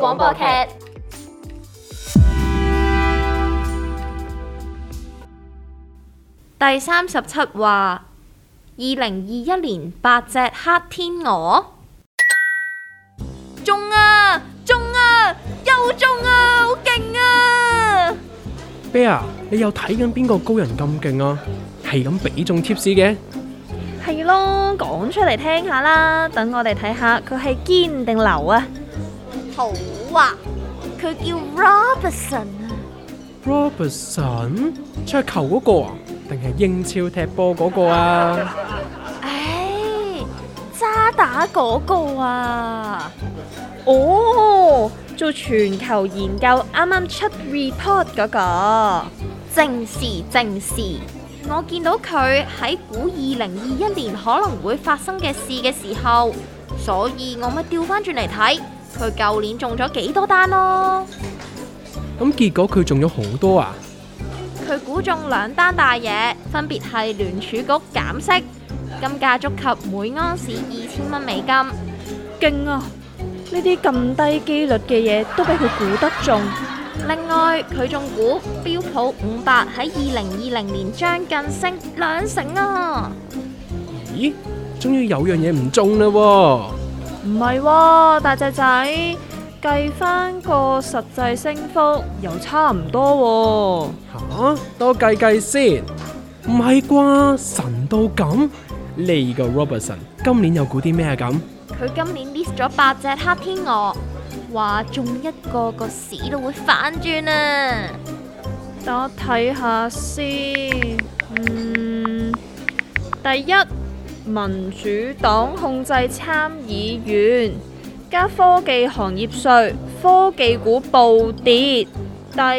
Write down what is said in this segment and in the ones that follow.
廣播劇,播劇第三十七話，二零二一年八隻黑天鵝中啊中啊又中啊好勁啊！啤牙，你又睇緊邊個高人咁勁啊？係咁比中 tips 嘅？係咯，講出嚟聽下啦，等我哋睇下佢係堅定流啊！好啊，佢叫 Robertson 啊。Robertson 桌球嗰個啊，定係英超踢波嗰個啊？誒，渣打嗰個啊？哦，做全球研究啱啱出 report 嗰個，正是正是。我見到佢喺估二零二一年可能會發生嘅事嘅時候，所以我咪調返轉嚟睇。佢舊年中咗幾多單咯？咁結果佢中咗好多啊！佢估中兩單大嘢，分別係聯儲局減息、金價觸及每安士二千蚊美金，勁啊！呢啲咁低幾率嘅嘢都俾佢估得中。另外佢仲估標普五百喺二零二零年將近升兩成啊！咦，終於有樣嘢唔中嘞！唔係喎，大隻仔，計翻個實際升幅又差唔多喎，哦。吓，啊，多計計先。唔係啩？神到咁？呢個 Robertson 今年又估啲咩咁？佢今年 miss 咗八隻黑天鵝，話中一個個市都會反轉啊！等我睇下先。嗯，第一，民主黨控制參議院，加科技行業稅，科技股暴跌。第二，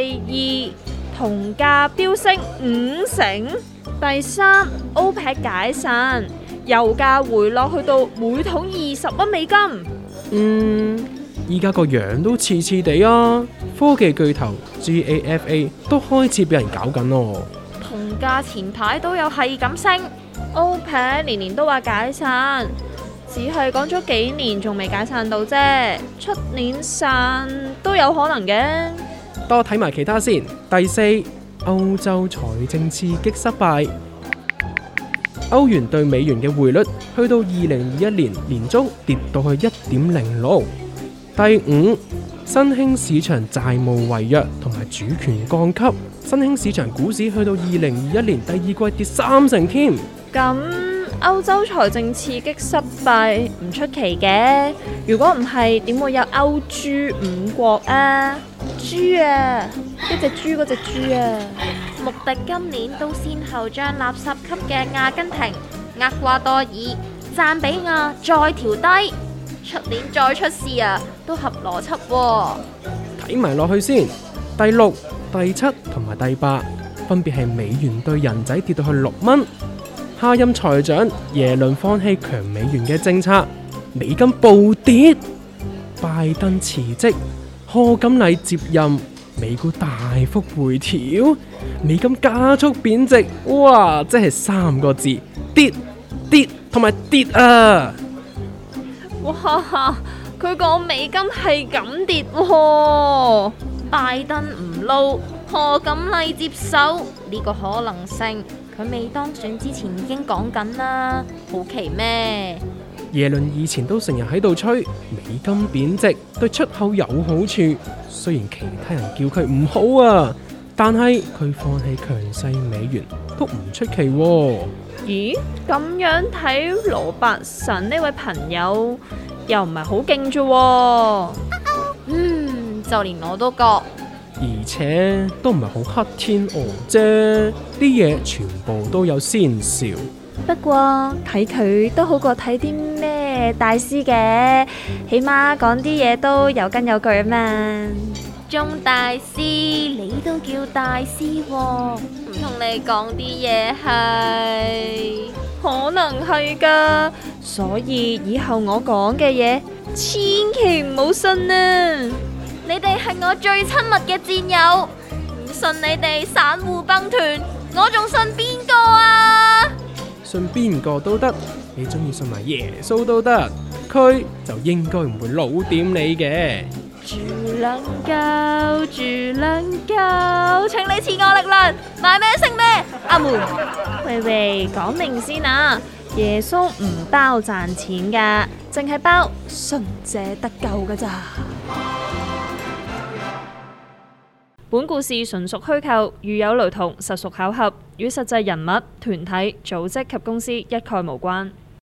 銅價飆升五成。第三，OPEC 解散，油價回落去到每桶二十蚊美金。嗯，依家個樣都似似地啊！科技巨頭 GAFA 都開始俾人搞緊囉。銅價前排都有係咁升。歐、okay，佩，年年都話解散，只係講咗幾年，仲未解散到啫。出年散都有可能嘅。多睇埋其他先。第四，歐洲財政刺激失敗，歐元對美元嘅匯率去到二零二一年年中跌到去一點零六。第五，新興市場債務違約同埋主權降級，新興市場股市去到二零二一年第二季跌三成添。咁歐洲財政刺激失敗唔出奇嘅。如果唔係，點會有歐豬五國啊？豬啊！一隻豬嗰隻豬啊！穆迪今年都先後將垃圾級嘅阿根廷、厄瓜多爾、贊比亞再調低，出年再出事啊，都合邏輯啊。睇埋落去先，第六、第七同埋第八分別係美元對人仔跌到去六蚊。哈音財長耶倫放棄強美元嘅政策，美金暴跌；拜登辭職，賀錦麗接任，美股大幅回調，美金加速貶值。哇！即係三個字，跌跌同埋跌啊！哇！佢講美金係咁跌，拜登唔撈，賀錦麗接手呢個可能性。佢未當選之前已經講緊啦，好奇咩？耶倫以前都成日喺度吹美金貶值對出口有好處，雖然其他人叫佢唔好啊，但係佢放棄強勢美元都唔出奇，啊。咦，咁樣睇羅伯神呢位朋友又唔係好勁咋？嗯，就連我都覺。而且都唔係好黑天鵝啫，啲嘢全部都有先兆。不過睇佢都好過睇啲咩大師嘅，起碼講啲嘢都有根有據啊嘛。鍾大師，你都叫大師哦，唔 同你講啲嘢係可能係噶，所以以後我講嘅嘢千祈唔好信啊！你哋係我最親密嘅戰友，唔信你哋散戶乓團，我仲信邊個啊？信邊個都得，你中意信埋耶穌都得，佢就應該唔會老點你嘅。住撚夠，住撚夠，請你賜我力量，買咩升咩，阿門。喂喂，講明先啊，耶穌唔包賺錢噶，淨係包信者得救噶咋。本故事純屬虛構，如有雷同，實屬巧合，與實際人物、團體、組織及公司一概無關。